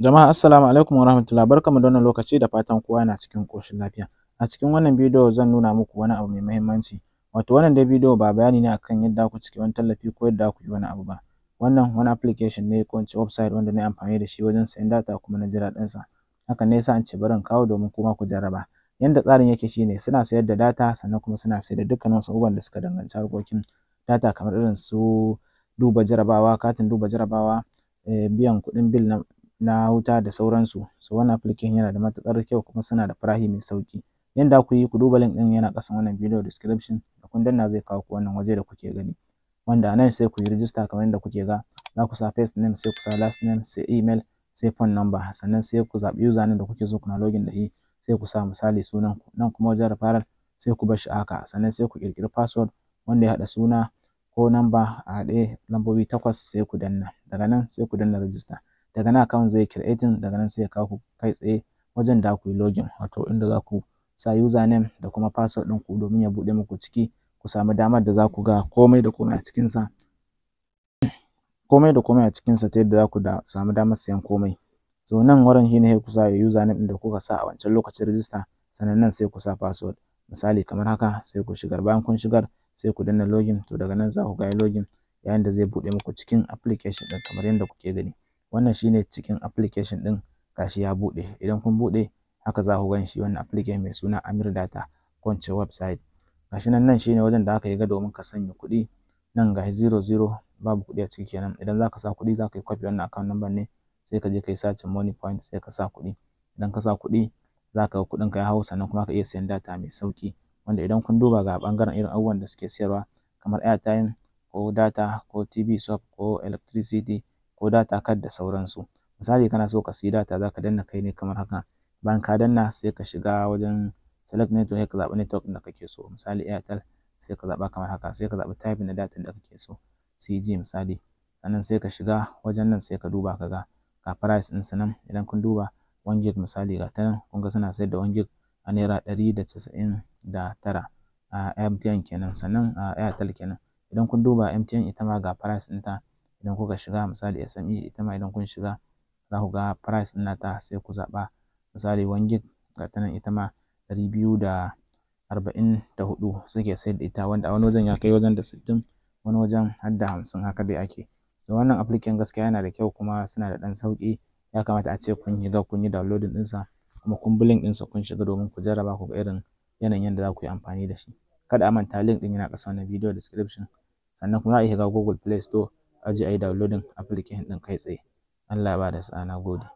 Jama'a assalamu alaikum wa warahmatullahi barkamu da wannan lokaci da fatan kowa yana cikin ƙoshin lafiya. A cikin wannan bidiyo zan nuna muku wani abu mai muhimmanci. Wato wannan dai bidiyo ba bayani ne akan yadda ku cike wani tallafi ko yadda ku yi wani abu ba. Wannan wani application ne ko ince website wanda na amfani da shi wajen sayan data kuma na jira ɗin sa. Hakan ne yasa an ce bari kawo domin kuma ku jarraba. Yanda tsarin yake shine suna sayar da data sannan kuma suna sayar da dukkanin wasu abubuwan da suka danganci harkokin data kamar irin su duba jarabawa, katin duba jarabawa, eh, biyan kuɗin bil na na wuta da sauransu so wannan application yana da matuƙar kyau kuma suna da farahi mai sauki yanda ku yi ku duba link din yana kasan wannan video description da kun danna zai kawo ku wannan waje da kuke gani wanda a nan sai ku yi register kamar yadda kuke ga za ku sa first name sai ku sa last name sai email sai phone number sannan sai ku zaɓi username da kuke so kuna login da shi sai ku sa misali sunan ku nan kuma wajen referral sai ku bar shi haka sannan sai ku ƙirƙiri password wanda ya haɗa suna ko namba a haɗe lambobi takwas sai ku danna daga nan sai ku danna register daga nan account zai creating daga nan sai ya kawo kai tsaye wajen da ku yi login wato inda za ku sa username da kuma password din ku domin ya bude muku ciki ku samu damar da za ku ga komai da komai a cikinsa komai da komai a sa ta yadda za ku da samu damar sayan komai so nan wurin shi ne ku sa username da kuka sa a wancan lokacin register sannan sai ku sa password misali kamar haka sai ku shigar bayan kun shigar sai ku danna login to daga nan za ku ga login yayin da zai buɗe muku cikin application ɗin kamar yadda kuke gani wannan shine cikin application din gashi ya buɗe idan kun buɗe haka za ku gan shi wannan application mai suna Amir Data ko ince website gashi nan nan shine wajen da aka yi gado domin ka sanya kuɗi nan gashi 00 babu kuɗi a ciki kenan idan za ka sa kuɗi ka yi copy wannan account number ne sai ka je yi searching money point sai ka sa kuɗi idan ka sa kuɗi ka ga kuɗin ka ya hau sannan kuma ka iya sayan data mai sauƙi wanda idan kun duba ga bangaren irin abubuwan da suke siyarwa kamar airtime ko data ko TV shop ko electricity ko data card da sauransu misali kana so ka siyi data zaka danna kai ne kamar haka bayan ka danna sai ka shiga wajen select network ka zaɓi network da kake so misali airtel sai ka zaɓa kamar haka sai ka zaɓi type na data da kake so cg misali sannan sai ka shiga wajen nan sai ka duba ka ga ga price ɗinsu nan idan kun duba 1 gig misali ga ta kun ga suna sayar da 1 gig a naira ɗari da casa'in da tara a mtn kenan sannan a airtel kenan idan kun duba mtn ita ma ga price ɗinta idan kuka shiga misali SME ita ma idan kun shiga za ku ga price ɗin nata sai ku zaɓa misali 1 gig ga ta nan ita ma ɗari biyu da arba'in da hudu suke sayar da ita wanda a wani wajen ya kai wajen da sittin wani wajen har da hamsin haka dai ake da wannan application gaskiya yana da kyau kuma suna da ɗan sauƙi ya kamata a ce kun yi ga kun yi downloading ɗinsa kuma kun bi link ɗinsa kun shiga domin ku jarraba ku ga irin yanayin yadda za ku yi amfani da shi kada a manta link ɗin yana ƙasa na video description sannan kuma za a iya shiga Google Play Store aje ayi downloading application ɗin kai tsaye Allah ba da sa'a na gode